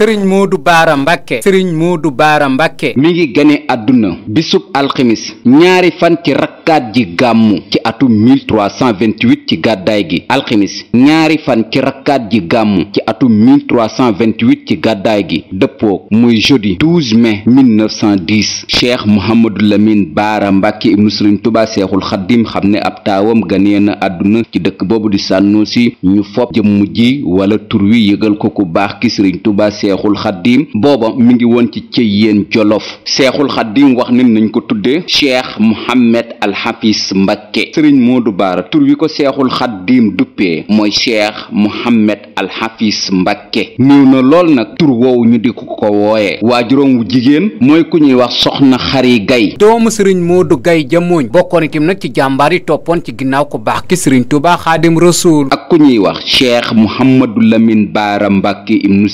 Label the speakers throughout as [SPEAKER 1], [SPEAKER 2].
[SPEAKER 1] sëriñ Modou Baara Mbacke sëriñ Modou Baara Mbacke mi ngi gane àdduna bisub alxemis ñaari fan ci rakkaat ji gàmmu ci atu 1328 ci gàddaay gi alxemis ñaari fan ci rakkaat ji gàmmu ci atu 1328 ci gàddaay gi dëppoo muy jeudi 12 mai 1910 cheikh Mouhamadou Lamine Baara Mbacke ibnu sëriñ Tuubaa seexul xaddim xam ne ab taawam ganee na àdduna ci dëkk boobu di sànnoo si ñu fopp jëmm ji wala tur wi yëgal ko ku baax ki sëriñ Tuubaa seexul xaddiim booba mu ngi woon ci cëy yéen jolof seexul xaddiim wax ne nañ ko tudde cheikh mohammed alxafis mbakke sëriñ moodu baara tur wi ko seexul xaddiim duppee mooy cheikh mohammed alxafis mbakke néew na lool nag tur woowu ñu di ko ko wooye waajuróom wu jigéen mooy ku ñuy wax soxna xari gay doomu sëriñ moodu gay jamooñ bokkoon itam nag ci jàmbaar yi toppoon ci ginnaaw ko baax ki sëriñ tuubaa xaadim rasuul ak ku ñuy wax cheikh mohammadu lamin baara mbakke ibnu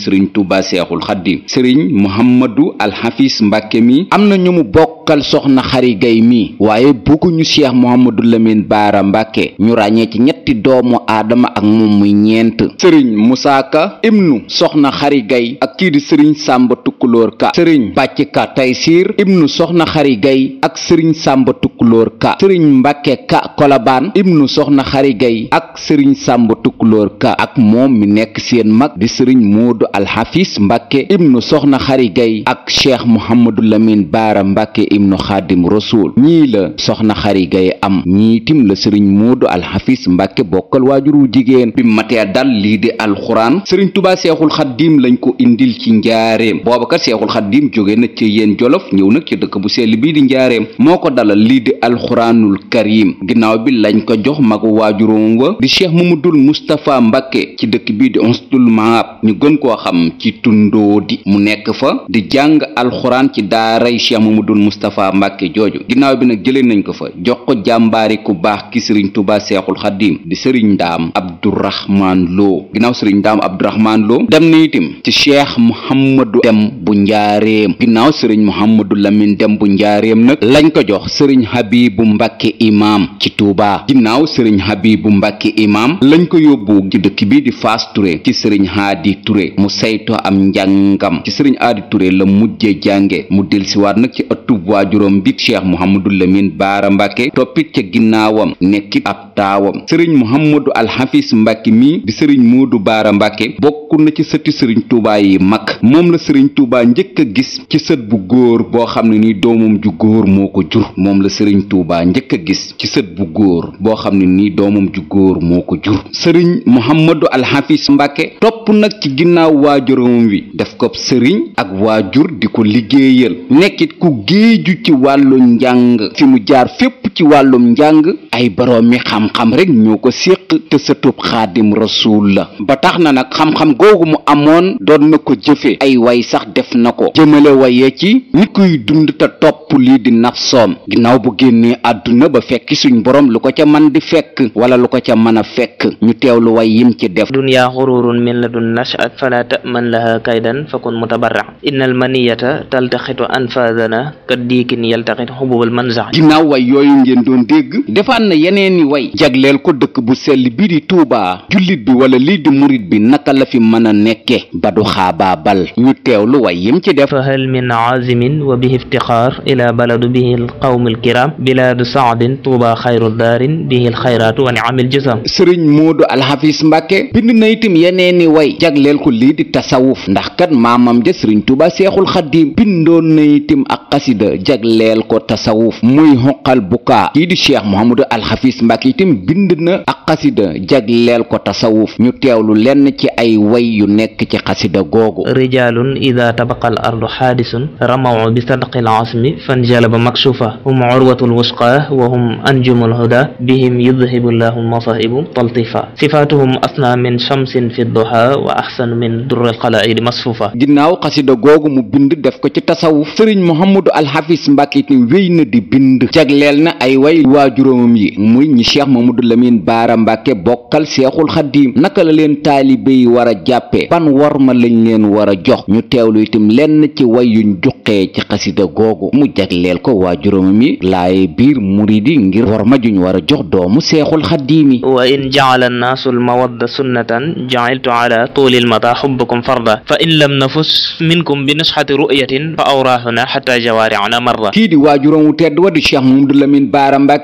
[SPEAKER 1] seexul xaddim sëriñ muhammadu alxafis mbàkke mi am na ñu mu bokkal soxna xari gay mi waaye bëgguñu cheikh muhammadu lamin baara mbàkke ñu ràññee ci ñetti doomu aadama ak moom muy ñeent sëriñ ka musaaka ibnu soxna xarigay gay ak kii di sëriñ sàmba tukkulóor ka sëriñ bàcc ka taysiir ibnu soxna xari ak sëriñ sàmba tukkulóor ka sëriñ mbàkke ka kolabaan ibnu soxna xari gay ak sëriñ sàmba tukkulóor ka ak moom mi nekk seen mag di sëriñ moodu alxafis Idriss Mbacke ibnu soxna xari gay ak cheikh Mouhamadou Lamine Baara Mbacke ibnu xaadim rasul ñii la soxna xari am ñii tim la sëriñ Moodu Alxafis Mbacke bokkal waajuru jigéen bi matee dal lii di alxuraan sëriñ Tuubaa seexul xaddiim lañ ko indil ci njaareem booba kat seexul xaddiim jóge na ci yéen jolof ñëw nag ci dëkk bu sell bii di njaareem moo ko dalal lii di alxuraanul karim ginnaaw bi lañ ko jox magu waajuroom wa di cheikh Mamadul Moustapha Mbacke ci dëkk bii di Onstuul ñu gën koo xam ci wetu ndóodi mu nekk fa di jàng alxuraan ci daaray cheikh mamadul mustafa mbàkke jooju ginnaaw bi nag jëlee nañ ko fa jox ko jàmbaari ku baax ki sëriñ tuba seexul xadim di sëriñ ndaam abdourahman loo ginnaaw sëriñ ndaam abdourahman loo dem na itam ci cheikh mohammadu dem bu njaareem ginnaaw sëriñ mohammadu lamin dem bu njaareem nag lañ ko jox sëriñ habibu mbàkke imaam ci tuuba ginnaaw sëriñ habibu mbàkke imaam lañ ko yóbbu dëkk bi di faas ture am njàngam ci sëriñ aadi Touré la mujjee jànge mu delsiwaat nag ci ëttub waajuram bi cheikh mouhamadul lamin baara mbàkke toppit ca ginnaawam nekkit ab taawam sëriñ mouhamadu alxafis mbàkke mi di sëriñ muudu baara mbàkke bokk na ci sëti sëriñ tuubaa yi mag moom la sëriñ tuubaa njëkk a gis ci sët bu góor boo xam ne nii doomam ju góor moo ko jur moom la sëriñ tuubaa njëkk a gis ci sët bu góor boo xam ne nii doomam ju góor moo ko jur sëriñ mouhamadu wi def ko sëriñ ak waajur di ko liggéeyal nekkit ku géeju ci wàllu njàng fi mu jaar fépp ci wàllum njàng ay boroomi xam-xam rek ñoo ko séq te sëtub xaadim rasuul la ba tax na nag xam-xam googu mu amoon doon na ko jëfe ay way sax def na ko jëmale waye ci nit kuy dund te topp lii di soom ginnaaw bu génnee àdduna ba fekki suñ boroom lu ko ca man di fekk wala lu ko ca mën a fekk ñu teewlu way yim ci def
[SPEAKER 2] dunya xururun min ladun nashat fala taman laha kaydan fakun mutabarra innal maniyata taltaxitu anfadana kaddiikin yaltaxit xububal
[SPEAKER 1] manzax tànn yeneeni way jagleel ko dëkk bu sell bi di tuubaa jullit bi wala lii di murit bi naka la fi mën a nekke ba du xaabaabal ñu teewlu way yim
[SPEAKER 2] ci def fahal min azimin wa bihi iftixaar ila baladu bihi alqawmi alkiram biladu saadin tuuba xayru daarin bihi alxayraatu wa niamil jisaam sëriñ
[SPEAKER 1] moodu alxafis mbàkke bind na itam yeneeni way jagleel ko lii di tasawuf ndax kat maamam ja sëriñ tuuba seexul xaddim bindoon na itam ak xasida jagleel ko tasawuf muy xoqal bukaa kii di cheikh mohamadou alxafis mbàkke itam bind na ak xasida jagleel ko tasawuf ñu teewlu lenn ci ay way yu nekk ci xasida googu
[SPEAKER 2] rijalun ida tabaqa al ardu xaadisun ramaw bi sadqi al asmi fanjalaba makshufa hum urwatul wusqa wa hum anjumul huda bihim yudhibu llahu masahibu taltifa sifatuhum asna min shamsin fi duha wa ahsanu min durri al qalaaidi masfufa
[SPEAKER 1] ginnaaw xasida googu mu bind def ko ci tasawuf sëriñ mohamadu alxafis mbàkke itam wéy na di bind jagleel na ay way waajuróomam yi yi muy ñi cheikh mamadou lamine baara mbàkke bokkal seexul xaddiim naka la leen taalibe yi war a jàppe ban warma lañ leen war a jox ñu teewlu itam lenn ci way yuñ juqee ci xasida googu mu leel ko waa juróomi mi laaye biir muridi ngir warma juñ war a jox doomu seexul
[SPEAKER 2] xaddiimi wa in jaala annaasu almawadda sunnatan jaciltu ala tuuli lmada xubbukum farda fa in lam nafus fa awraahuna xata jawaaricna marda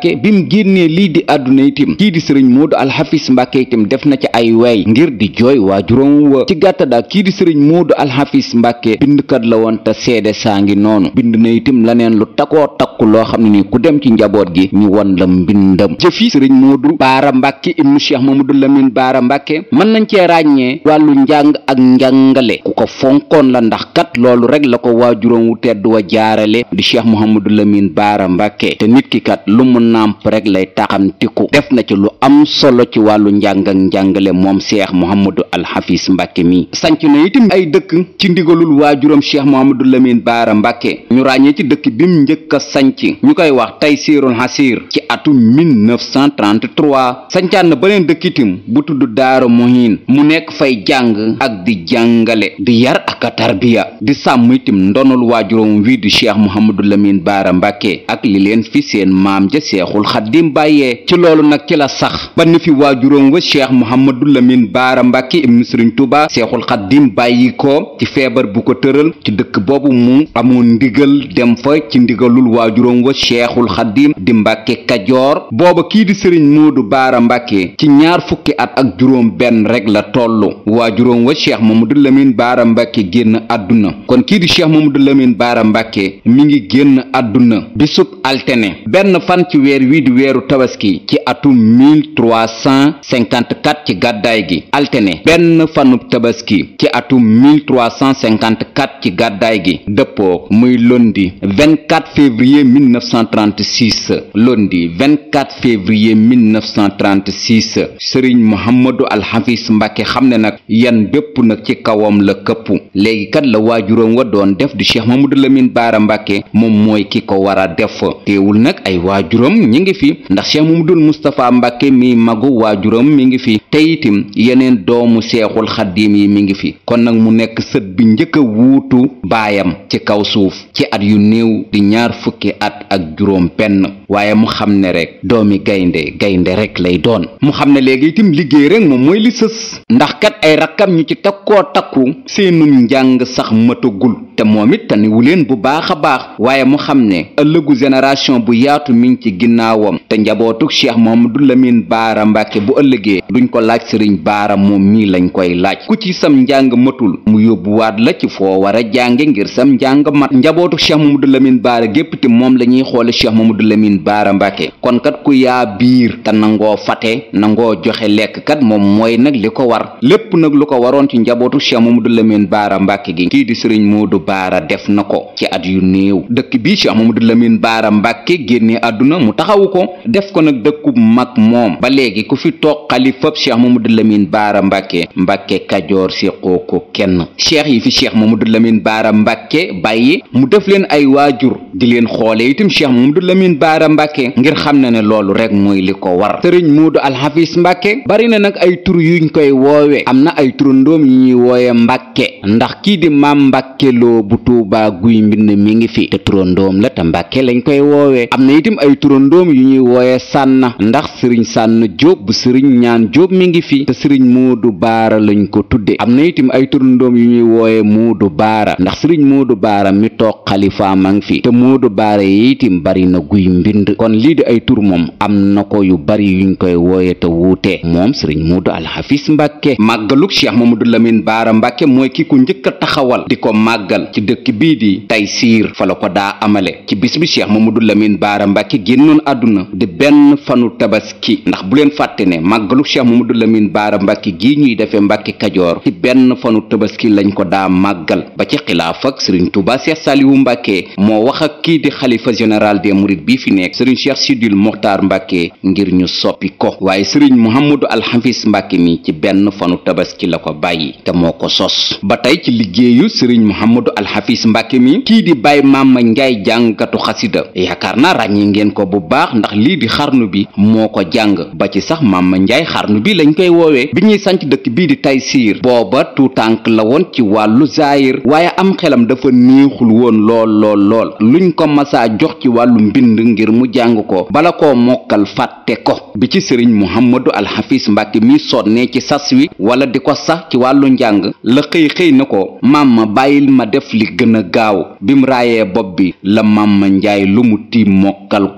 [SPEAKER 1] kii di génnee lii di àdduna itim kii di sëriñ Modou Alxafis Mbàkke itim def na ci ay way ngir di jooy waajuram wa ci gàtta daa kii di sëriñ Modou Alxafis Mbàkke bindkat la woon te seede saa ngi noonu bind na itim laneen lu takoo takku loo xam ne ni ku dem ci njaboot gi ñu won la mbindam jëfi sëriñ Modou Baara Mbàkke ibnu Cheikh Mamadou Lamine Baara Mbàkke mën nañ cee ràññee wàllu njàng ak njàngale ku ko fonkoon la ndax kat loolu rek la ko waajuram wu tedd wa jaarale di Cheikh Mouhamadou Lamine Baara Mbàkke te lay taxamtiku def na ci lu am solo ci wàllu njàng njàngale moom cheikh mohamadou alxafis mbàkke mi sanc na itam ay dëkk ci ndigalul waajuram cheikh mohamadou lamin baara mbàkke ñu ràññee ci dëkk bi mu njëkk sanc ñu koy wax tey siirul xasiir ci atum 1933 sancaan na beneen dëkk itam bu tudd daara mohin mu nekk fay jàng ak di jàngale di yar ak a tarbiya di sàmm itam ndonul waajuram wi di cheikh mohamadou lamin baara mbàkke ak li leen fi seen maam ja seexul lim bàyyee ci loolu nag ci la sax ba ni fi waa waajuróom wa cheikh mouhamadou lamine baara mbàkke ibnu sëriñ tuuba seexul xaddim bàyyi ko ci feebar bu ko tëral ci dëkk boobu mu amoon ndigal dem fa ci ndigalul waajuróom wa cheikhul xaddim di mbàkke kajoor booba kii di sëriñ moodu baara mbàkke ci ñaar fukki at ak juróom benn rek la tollu waajuróom wa cheikh mamadou lamine baara mbàkke génn àdduna kon kii di cheikh mamadou lamine baara mbàkke mi ngi génn àdduna weeru tabaski ci atum 1354 ci gàddaay gi altene benn fanub tabaski ci atum 1354 ci gàddaay gi dëppoo muy lundi 24 février 1936 lundi 24 février 1936 sëriñ Mouhamadou Alxafis Mbàkke xam ne nag yan bépp nag ci kawam la këpp léegi kat la waajuram wa doon def di Cheikh Mamadou Lamine Baara Mbàkke moom mooy ki ko war a def teewul nag ay waajuram ñi ngi fi ndax cheikh dul moustapha mbàkke mi magu waajuram mi ngi fi te itim yeneen doomu seexul xaddiim yi mi ngi fi kon nag mu nekk sët bi njëkk wuutu baayam ci kaw suuf ci at yu néew di ñaar fukki at ak juróom benn waaye mu xam ne rek doomi gaynde gaynde rek lay doon mu xam ne léegi itim liggéey rek moom mooy li sës ndax kat ay rakkam ñu ci takkoo takku seenum njàng sax matagul te moom it taniwu leen bu baax a baax waaye mu xam ne ëllëgu génération bu yaatu mi ngi ci ginnaawam te moom cheikh Mamadou Lamine Baara Mbàkke bu ëllëgee duñ ko laaj sëriñ baara moom mii lañ koy laaj ku ci sam njàng matul mu yóbbuwaat la ci foo war a jànge ngir sam njàng mat njabootu cheikh Mamadou Lamine Baara gépp te moom la ñuy xoole cheikh Mamadou Lamine Baara Mbàkke kon kat ku yaa biir te nangoo fate nangoo joxe lekk kat moom mooy nag li ko war lépp nag lu ko waroon ci njabootu cheikh Mamadou Lamine Baara Mbàkke gi kii di sëriñ Moodu Baara def na ko ci at yu néew dëkk bi cheikh Mamadou mu taxawu def ko nag dëkku mag moom ba léegi ku fi toog xalifab cheikh du lamine baara mbàkke mbàkke kajoor si xooko kenn cheikh yi fi cheikh mamadou lamine baara mbàkke bàyyi mu def leen ay waajur di leen xoole itam cheikh mamadou lamine baara mbàkke ngir xam na ne loolu rek mooy li ko war sëriñ moodu alxafis mbàkke bari na nag ay tur yuñ koy woowe am na ay turandoom yu ñuy woowe mbàkke ndax kii di maam mbàkke loo bu tuubaa guy mbind mi ngi fi te turandoom la te mbàkke lañ koy woowe am na itam ay turandoom yu wooye sànna ndax sëriñ sànn jóob bu sëriñ ñaan jóob mi ngi fi te sëriñ moodu baara lañ ko tudde am na itam ay turandoom yu ñuy wooye moodu baara ndax sëriñ moodu baara mi toog xalifa ma ngi fi te moodu baara yi itam bari na guy mbind kon lii di ay tur moom am na ko yu bari yu ñu koy wooye te wuute moom sëriñ moodu alxafis mbàkke màggalug cheikh mamadou lamine baara mbàkke mooy kii ko njëkk a taxawal di ko màggal ci dëkk bii di taysiir fa la ko daa amale ci bis bi cheikh mamadou baara mbàkke génnoon àdduna di benn fanu tabaski ndax bu leen fàtte ne màggalu cheikh mamadou lamine baara mbàkke gi ñuy defee mbàkke kajoor ci benn fanu tabaski lañ ko daa màggal ba ci xilaaf ak sëriñ tuuba seex saaliwu mbàkke moo wax ak kii di xalifa général des mourides bii fi nekk sëriñ cheikh sidil moxtaar mbàkke ngir ñu soppi ko waaye sëriñ mouhamadou alxafis mbàkke mi ci benn fanu tabaski la ko bàyyi te moo ko sos ba tey ci liggéeyu sëriñ mouhamadou alxafis mbàkke mi kii di bàyyi maama njaay jàngkatu xasida yaakaar bii di xarnu bi moo ko jàng ba ci sax Mama Njaay xarnu bi lañ koy woowee bi ñuy sanc dëkk bii di siir booba tuutànk la woon ci wàllu zaayir waaye am xelam dafa néexul woon lool lool lool luñ ko masaa jox ci wàllu mbind ngir mu jàng ko bala koo mokkal fàtte ko bi ci sëriñ Muhammadu Alxafis Mbàkke mi sonnee ci sas wi wala di ko sax ci wàllu njàng la xëy xëy na ko maam màmma bàyyil ma def li gën a gaaw bim raayee bopp bi la Mama Njaay lu mu tiim mokkal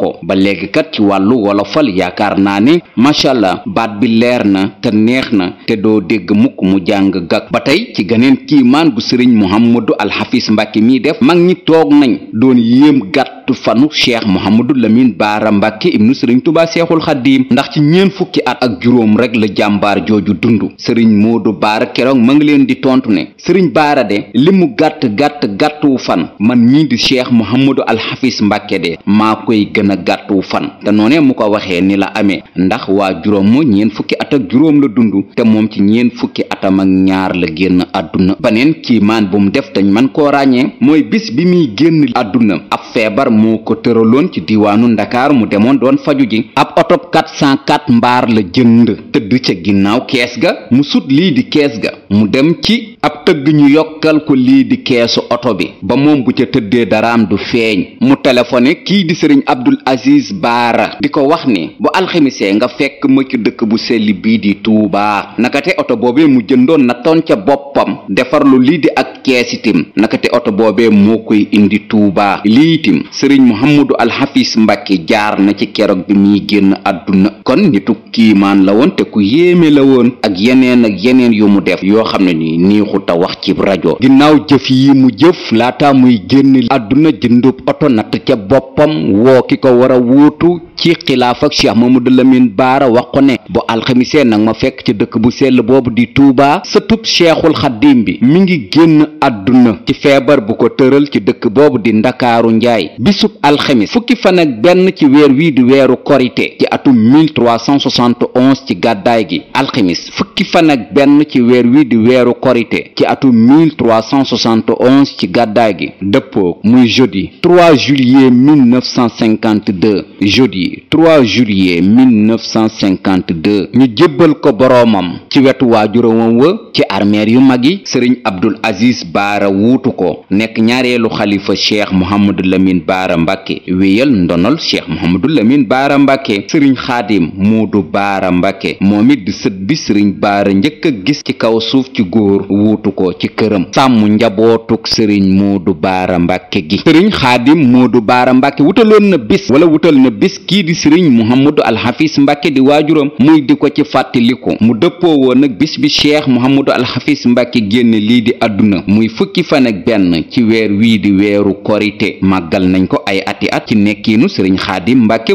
[SPEAKER 1] wàllu wolofal yaakaar naa ne macha allah baat bi leer na te neex na te doo dégg mukk mu jàng gag ba tey ci geneen kiimaan gu sëriñ muhammadu alxafis mbàkke mii def mag ñi toog nañ doon yéem gàtt fanu cheikh muhammadu lamin baara mbàkke ibnu sëriñ tubaa seexul xaddiim ndax ci ñeen fukki at ak juróom rek la jàmbaar jooju dund sëriñ du baara keroog ma ngi leen di tontu ne sëriñ baara de li mu gàtt gàtt gàttuwu fan man ñii di cheikh muhammadu alxafis mbàkke de maa koy gën a gàttuwu fan noonee mu ko waxee ni la amee ndax waa juróom mu ñeen fukki at juróom la dund te moom ci ñeen fukki atam ak ñaar la génn àdduna baneen kiimaan bu mu def dañ man koo ràññee mooy bis bi muy génn àdduna ab feebar moo ko tëraloon ci diiwaanu ndakaar mu demoon doon faju ji ab otob 404 mbaar la jënd tëdd ca ginnaaw kees ga mu sut lii di kees ga mu dem ci ab tëgg ñu yokkal ko lii di keesu oto bi ba moom bu ca tëddee daraam du feeñ mu téléphoné kii di sëriñ Abdul Aziz Baar dara di ko wax ni bu alxemisee nga fekk ma ci dëkk bu selli bii di tuubaa nakate oto boobe mu jëndoon nattoon ca boppam defarlu lii di ak kees itim nakate oto boobe moo koy indi tuubaa lii itim sëriñ muhammadu alxafis mbàkke jaar na ci keroog bi muy génn àdduna kon nitu kiimaan la woon te ku yéeme la woon ak yeneen ak yeneen yu mu def yoo xam ne ni niixu ta wax ci rajo ginnaaw jëf yi mu jëf laata muy génn àdduna jëndub oto natt ca boppam woo ki ko war a wuutu ci xilaaf ak cheikh mamadou lamine baara wax ko ne bu alxamisee nag ma fekk ci dëkk bu sell boobu di tuubaa sëtub cheikhul xadim bi mi ngi génn àdduna ci feebar bu ko tëral ci dëkk boobu di ndakaaru njaay bisub alxamis fukki fan ak benn ci weer wii di weeru korite ci atum 371 ci gàddaay gi alximis fukki fanag benn ci weer wi di weeru korite ci atu 1371 ci gàddaay gi dëppoo muy jeudi 3 juillet 1952 jeudi 3 juillet 1952 ñu jébbal ko boroomam ci wetu waajuram wa ci armeer yu mag yi sëriñ abdul aziz baara wuutu ko nekk ñaareelu xalifa cheikh mohamadou lamine baara mbàkke wéyal ndonol cheikh mohamadou lamine baara mbàkke sëriñ xaadim moo muudu baara mbake moom it di sët bi sëriñ baara njëkk a gis ci kaw suuf ci góor wuutu ko ci këram sàmm njabootuk sëriñ du baara mbakke gi sëriñ xaadim muudu baara mbàkke wutaloon na bis wala wutal na bis kii di sëriñ muhammadu alxafis mbakke di waajuram muy di ko ci fàttaliku mu dëppoo woon nag bis bi cheikh muhammadu alxafis mbàkke génn lii di àdduna muy fukki fan ak benn ci weer wii di weeru korite màggal nañ ko ay ati at ci nekkiinu sëriñ xaadim mbàkke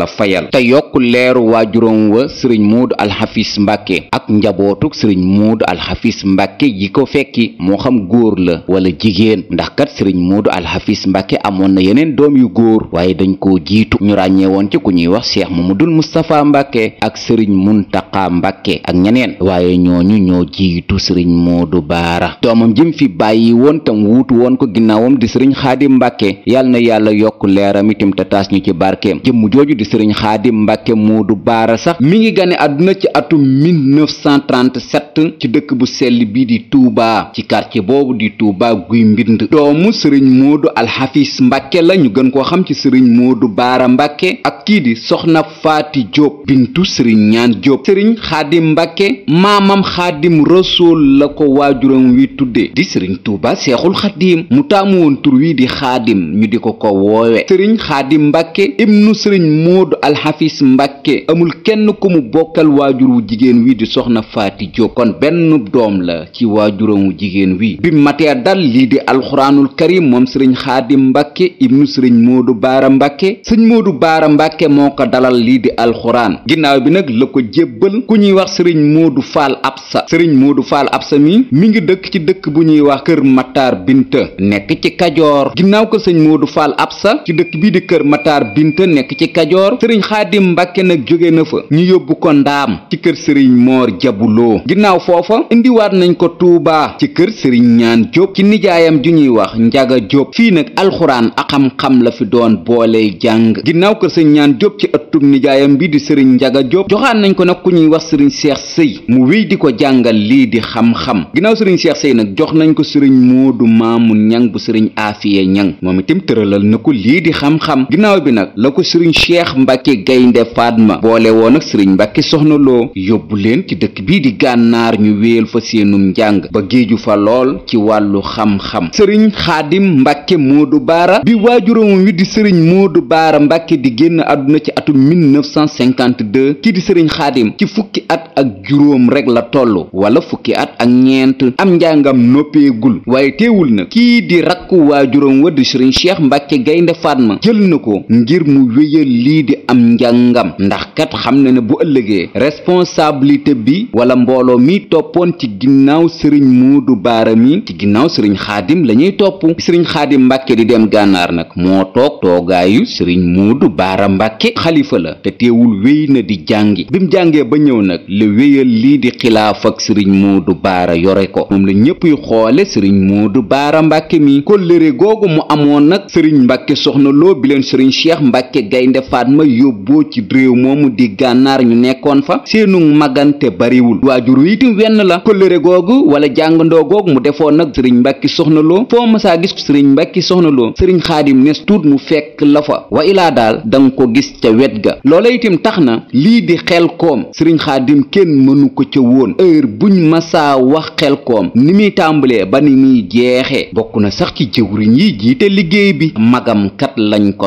[SPEAKER 1] yàlla fayal te yokk leeru waa waajuram wa sëriñ muudu alxafis mbàkke ak njabootuk sëriñ muudu alxafis mbàkke yi ko fekki moo xam góor la wala jigéen ndax kat sëriñ muudu alxafis mbàkke amoon na yeneen doom yu góor waaye dañ ko jiitu ñu ràññee woon ci ku ñuy wax ma cheikh mamadul mustapha mbàkke ak sëriñ muntaqa mbàkke ak ñeneen waaye ñooñu ñoo jiitu sëriñ muudu baara doomam jim fi bàyyi woon tam wuutu woon ko ginnaawam di sëriñ xaadim mbàkke yàlla na yàlla yokk leeram itam sëriñ xaadim mbàkke du baara sax mi ngi gane àdduna ci atum 1937 ci dëkk bu sell bi di Touba ci quartier boobu di Touba guy mbind doomu sëriñ moodu alxafis mbàkke la ñu gën koo xam ci sëriñ du baara mbàkke ak kii di soxna faati jóob bintu sëriñ ñaan jóob sëriñ xaadim mbàkke maamam xaadim rasuul la ko waajuram wi tuddee di sëriñ Touba seexul xaadim mu taamu woon tur wi di xaadim ñu di ko ko woowe sëriñ xaadim mbàkke ibnu sëriñ Modou Alxafis Mbàkke amul kenn ku mu bokkal waajur wu jigéen wi di soxna Faati Jóob kon benn doom la ci waajuram wu jigéen wi bi matee dal lii di alxuraanul karim moom sëriñ xaadim mbàkke ibnu sëriñ du baara mbàkke sëriñ moodu baara mbàkke moo ko dalal lii di alxuraan ginnaaw bi nag la ko jébbal ku ñuy wax sëriñ moodu faal absa sëriñ moodu faal absa mi mu ngi dëkk ci dëkk bu ñuy wax kër mataar binta nekk ci kajoor ginnaaw ko sëriñ moodu faal absa ci dëkk bii di kër mataar binta nekk ci kajoor Kajoor sëriñ xaadim mbàkke nag jóge na fa ñu yóbbu ko ndaam ci kër sëriñ moor jabuloo ginnaaw foofa indiwaat nañ ko tuubaa ci kër sëriñ ñaan jóob ci nijaayam ju ñuy wax njaga jóob fii nag alxuraan a xam-xam la fi doon boolee jàng ginnaaw kër sëriñ ñaan jóob ci ëttub nijaayam bi di sëriñ njaga jóob joxaat nañ ko nag ku ñuy wax sëriñ seex sëy mu wéy di ko jàngal lii di xam-xam ginnaaw sëriñ seex sëy nag jox nañ ko sëriñ moodu maamu ñang bu sëriñ aafiye ñang moom itam tëralal na ko lii di xam ginnaaw bi nag mbàkke gaynde faatma boole woon ak sëriñ mbàkke soxna loo yóbbu leen ci dëkk bii di gànnaar ñu wéel fa seenum njàng ba géeju fa lool ci wàllu xam-xam sëriñ xaadim mbàkke du baara bi waajuram wi di sëriñ du baara mbàkke di génn àdduna ci atum 1952 kii di sëriñ xaadim ci fukki at ak juróom rek la toll wala fukki at ak ñeent am njàngam noppeegul waaye teewul na kii di rakku waajuram wa di sëriñ cheikh mbàkke gaynde faatma jël na ko ngir mu wéyal lii di am njàngam ndax kat xam na ne bu ëllëgee responsabilité bi wala mbooloo mi toppoon ci ginnaaw sëriñ Moodu Baara mi ci ginnaaw sëriñ xaadim lañuy topp sëriñ xaadim mbàkke di dem gànnaar nag moo toog toogaayu sëriñ Moodu Baara Mbàkke xalifa la te teewul wéy na di jàngi bi mu jàngee ba ñëw nag la wéyal lii di xilaaf ak sëriñ Moodu Baara yore ko moom la ñëpp xoole sëriñ Moodu Baara Mbàkke mi kóllëre googu mu amoon nag sëriñ Mbàkke soxna loo bi ma yóbboo ci réew moomu di gànnaar ñu nekkoon fa seenu magante bariwul waajur wi itam wenn la kóllëre googu wala jàngandoo googu mu defoon nag sëriñ mbàkki soxnaloo loo foo masaa gis ko sëriñ mbàkki soxna loo sëriñ xaadim nes tuut mu fekk la fa wa illaa daal danga ko gis ca wet ga loola itam tax na lii di xel koom sëriñ xaadim kenn mënu ko ca woon heure buñ masaa wax xel koom ni muy tàmbalee ba ni muy jeexee bokk na sax ci jëwriñ yi jiite liggéey bi magam lañ ko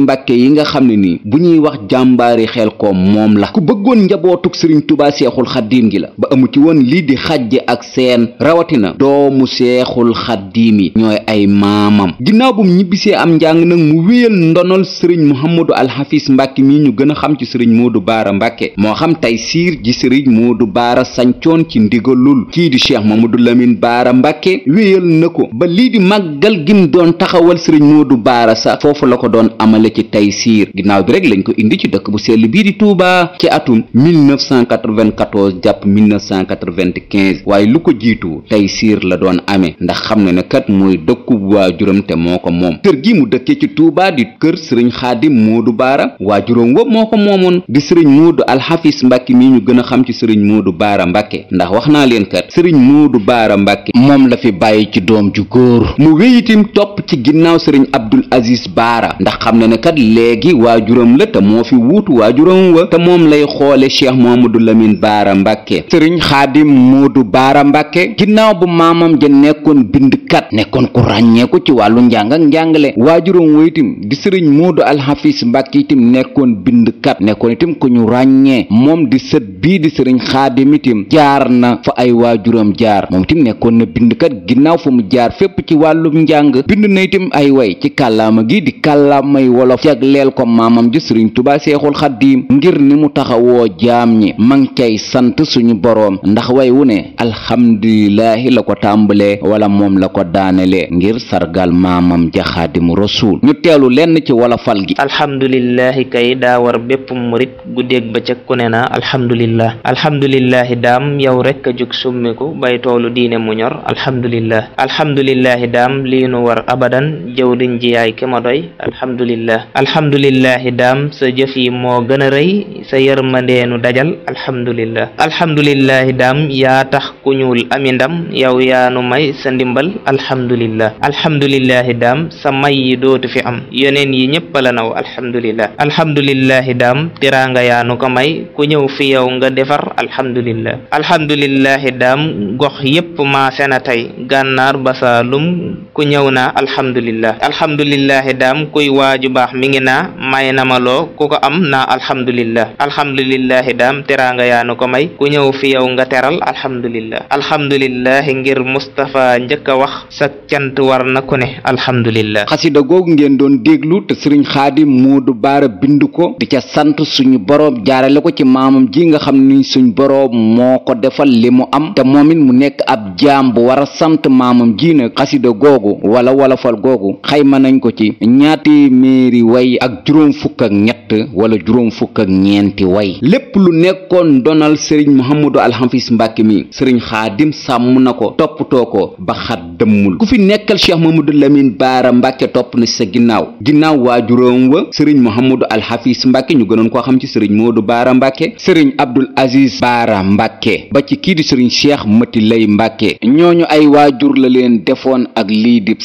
[SPEAKER 1] mbàkke yi nga xam ne nii bu ñuy wax jàmbaari xel koom moom la ku bëggoon njabootug sëriñ tubaa seexul xaddiim gi la ba amu ci woon lii di xajj ak seen rawatina doomu seexul xaddiim yi ñooy ay maamam ginnaaw bu mu ñibbisee am njàng nag mu wéyal ndonol sëriñ muhammadu alxafis mbàkke mi ñu gën a xam ci sëriñ moodu baara mbàkke moo xam tey siir ji sëriñ du baara sancoon ci ndigalul kii di cheikh mamadou lamin baara mbàkke wéyal na ko ba lii di màggal jóge ci Taysiir ginnaaw bi rek lañ ko indi ci dëkk bu sell bii di Touba ci atum 1994 jàpp 1995 waaye lu ko jiitu Taysiir la doon amee ndax xam na ne kat mooy dëkku waajuram te moo ko moom kër gi mu dëkkee ci Touba di kër sëriñ Xaadim du Baara waajuram wëpp moo ko moomoon di sëriñ du Alxafis Mbàkke mi ñu gën a xam ci sëriñ du Baara Mbàkke ndax wax naa leen kat sëriñ du Baara Mbàkke moom la fi bàyyi ci doom ju góor mu wéyitim topp ci ginnaaw sëriñ Abdul kat léegi waajuram la te moo fi wuutu waajuram wa te moom lay xoole cheikh mohamadou lamin baara mbàkke sëriñ xaadim moodu baara mbàkke ginnaaw bu maamam ja nekkoon bindkat nekkoon ku ràññeeku ci wàllu njàng njàngale waajuram wa di sëriñ moodu alxafis mbàkke itam nekkoon bindkat nekkoon itam ku ñu ràññee moom di sët bii di sëriñ xaadim itam jaar na fa ay waajuram jaar moom itam nekkoon na bindkat ginnaaw fa mu jaar fépp ci wàllum njàng bind na itam ay way ci kàllaama gi di kàllaamay wol wolof jagleel ko maamam ji sëriñ tubaa seexul xaddiim ngir ni mu taxawoo jaam ñi man cay sant suñu boroom ndax way wu ne alxamdulilaahi la ko tàmbalee wala moom la ko daanelee ngir sargal maamam ja xaadimu rasuul ñu teelu lenn ci wolofal gi
[SPEAKER 2] alxamdulilaahi kay daa war bépp murit guddeeg ba ku ne na alxamdulillah alxamdulilaahi daam yow rekk a jóg summiku bay toolu diine mu ñor alxamdulillah daam lii war abadan jëw diñ ki ma doy alxamdulillah alhamdulillahi daam sa jëf moo gën rëy sa yërmandeenu dajal alhamdulillah alhamdulillahi daam yaa tax ku ñuul ami ndam yow yaanu may sa ndimbal alhamdulillah alhamdulillahi daam sa may yi dootu fi am yeneen yi ñëpp la naw alhamdulillah alhamdulillahi daam tiraanga yaanu ko may ku ñëw fi yow nga defar alhamdulillah alhamdulillahi daam gox yëpp maase na tey gànnaar ba saalum ku ñëw na alhamdulillah alhamdulillahi daam kuy waaju ndax mi ngi naa may na ma loo ku ko am naa alhamdulillah alhamdulillahi daam teraanga yaanu ko may ku ñëw fi yow nga teral alhamdulillah alhamdulillahi ngir Mustafa njëkk a wax sa cant war na ku ne
[SPEAKER 1] alhamdulillah xasida googu ngeen doon déglu te sëriñ xaadim du Baara bind ko di ca sant suñu boroom jaarale ko ci maamam ji nga xam ni suñu boroom moo ko defal li mu am te moom mu nekk ab jaam bu war a sant maamam ji nag xasida googu wala wolofal googu xayma nañ ko ci ñaati téeméeri téeméeri way ak juróom fukk ak ñett wala juróom fukk ak ñeenti way lépp lu nekkoon donal sëriñ Mouhamadou Alxafis Mbàkke mi sëriñ xaadim sàmm na ko toppatoo ko ba xat dëmmul ku fi nekkal cheikh Mamadou Lamine Baara Mbàkke topp na ci sa ginnaaw ginnaaw waajuróom wa sëriñ Mouhamadou Alxafis Mbàkke ñu gënoon koo xam ci sëriñ du Baara Mbàkke sëriñ Abdul Aziz Baara Mbàkke ba ci kii di sëriñ cheikh Mati Lay Mbàkke ñooñu ay waajur la leen defoon ak lii di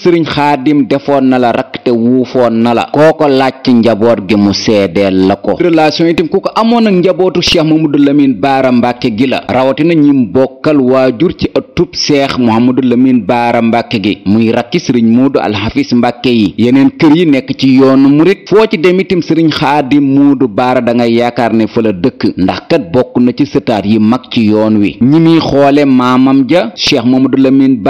[SPEAKER 1] sëriñ xaadim defoon na la rakk te wuufoon na la koo ko laaj ci njaboot gi mu seedeel la ko relation itam ku ko amoon ak njabootu cheikh mamadou lamine baara mbàkke gi la rawatina ñim bokkal waajur ci ëttub cheikh mohamadou lamine baara mbàkke gi muy rakki sëriñ muudu alxafis mbàkke yi yeneen kër yi nekk ci yoonu murit foo ci dem itam sëriñ xaadim muudu baara da nga yaakaar ne fa la dëkk ndax kat bokk na ci sëtaat yi mag ci yoon wi ñi muy xoole maamam ja cheikh mamadou lamine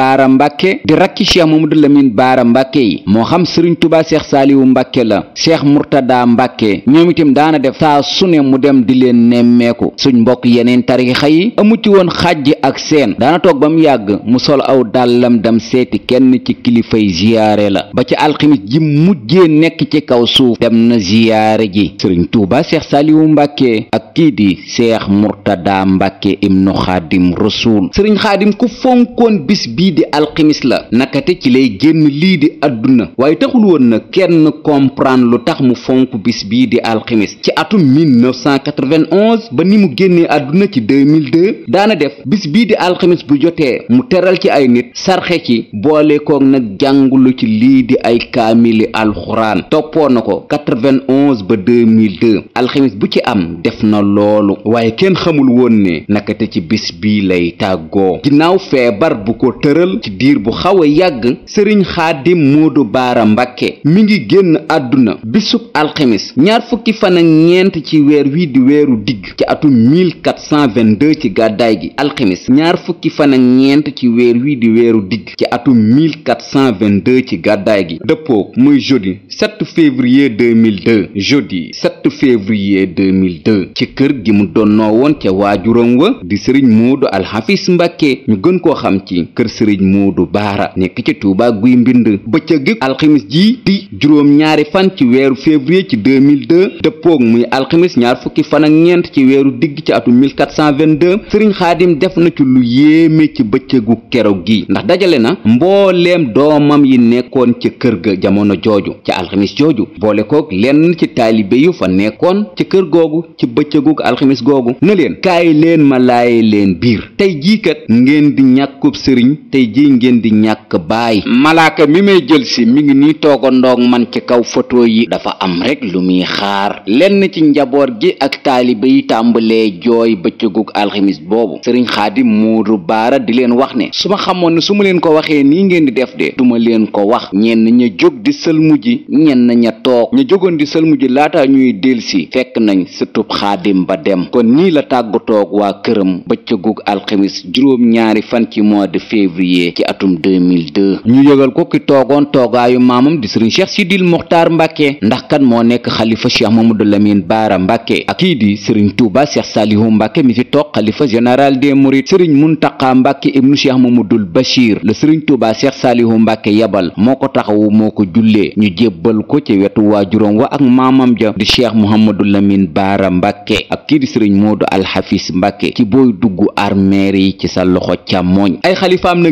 [SPEAKER 1] Lamine Baara Mbàkke yi moo xam sëriñ Tuubaa Seex Saaliwu Mbàkke la Seex Murtada Mbàkke ñoom itam daana def saa su ne mu dem di leen nemmeeku suñ mbokk yeneen tarixa yi amu ci woon xàjj ak seen daana toog ba mu yàgg mu sol aw dàllam dem seeti kenn ci kilifay ziyaare la ba ci alxamis ji mujjee nekk ci kaw suuf dem na ziyaare ji sëriñ Tuubaa Seex Saaliwu Mbàkke ak kii di Seex Murtada Mbàkke ibnu Xaadim Rasuul sëriñ Xaadim ku fonkoon bis bii di alxamis la nakate ci lay génn lii di àdduna waaye taxul woon na kenn comprendre lu tax mu fonk bis bii di alxemes ci atum 1991 ba ni mu génnee àdduna ci 2002 daana def bis bii di alxemes bu jotee mu teral ci ay nit sarxe ci boole koog nag jàngulu ci lii di ay kaamili alxuraan toppoon na ko 91 ba 2002 alxemes bu ci am def na loolu waaye kenn xamul woon ne nakate ci bis bii lay tàggoo ginnaaw feebar bu ko tëral ci diir bu xaw a yàgg sëriñ xaadim moodu baara mbàkke mi ngi génn àdduna bisub alxemis ñaar fukki fan ak ñeent ci weer wi di weeru digg ci atum 1422 ci gàddaay gi alxemis ñaar fukki fan ak ci weer wi di weeru digg ci atum 1422 ci gàddaay gi dëppoo muy jeudi 7 février 2002 jeudi 7 février 2002 ci kër gi mu donnoo woon ca waajuram wa di sëriñ moodu alxafis mbàkke ñu gën koo xam ci kër sëriñ moodu baara nekk ci tuubaa guy mbind bëccëg gi alximis ji di juróom ñaari fan ci weeru février ci 2002 dëppoog muy alximis ñaar fukki fan ak ñeent ci weeru digg ci atum 1422 sëriñ xaadim def na ci lu yéeme ci bëccëgu keroog gi ndax dajale na mbooleem doomam yi nekkoon ca kër ga jamono jooju ci alximis jooju boole koog lenn ci taalibe yu fa nekkoon ca kër googu ci bëccëgu alximis googu na leen kaay leen ma leen biir tey jiikat ngeen di ñàkku sëriñ tey jii ngeen di ñàkk baay malaaka mi may jël si mi ngi nii toogandoog man ci kaw foto yi dafa am rek lu muy xaar lenn ci njaboot gi ak taalibe yi tàmbalee jooy bëccëgug alxamis boobu sëriñ xaadim moodu baara di leen wax ne su ma xamoon ne su ma leen ko waxee nii ngeen di def de duma leen ko wax ñenn ña jóg di sëlmu ji ñenn ña toog ña jógoon di sëlmu ji laata ñuy delsi fekk nañ sëtub xaadim ba dem kon nii la tàggatoog waa këram bëccëgug alxamis juróom ñaari fan ci mois de février ci atum 2002 teewal ko ki toogoon toogaayu maamam di sëriñ cheikh sidil muxtaar mbàkke ndax kan moo nekk xalifa cheikh mamadou lamine baara mbàkke ak kii di sëriñ touba cheikh saalihu mbàkke mi fi toog xalifa général des mourides sëriñ muntaqa mbàkke ibnu cheikh mamadul bachir la sëriñ touba cheikh saalihu mbakke yabal moo ko taxawu moo ko jullee ñu jébbal ko ci wetu waajuróom wa ak maamam ja di cheikh mouhamadou lamine baara mbàkke ak kii di sëriñ moo moodu alxafis mbàkke ci booy dugg armeer yi ci sa loxo càmmooñ ay xalifaam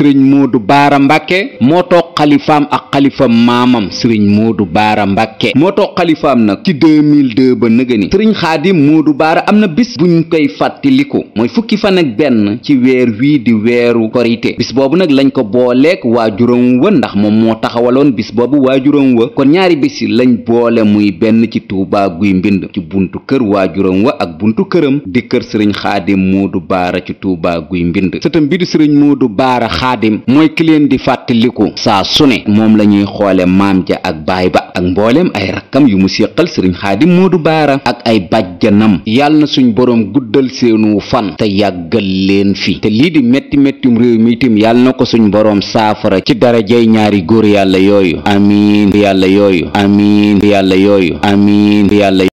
[SPEAKER 1] sëriñ du baara mbàkke moo toog xalifaam ak xalifaam maamam sëriñ du baara mbàkke moo toog xalifaam nag ci 2002 ba nëgëni sëriñ xaadim du baara am na bis buñ koy fàttaliku mooy fukki fan ak benn ci weer wii di weeru korite bis boobu nag lañ ko booleeg waajuram wa ndax moom moo taxawaloon bis boobu waajuram wa kon ñaari bis lañ boole muy benn ci tuubaa guy mbind ci buntu kër waajuram wa ak buntu këram di kër sëriñ xaadim moodu baara ci tuubaa guy mbind xaadim mooy ki leen di fàttaliku saa su ne moom la ñuy xoole maam ja ak baay ba ak mbooleem ay rakkam yu mu séqal sëriñ xaadim moodu baara ak ay bàjjanam yàlla na suñ boroom guddal seenu fan te yàggal leen fi te lii di métti méttum réew mi itam yàlla na ko suñ boroom saafara ci darajay ñaari góor yàlla yooyu amiin yàlla yooyu amiin yàlla yooyu amiin yàlla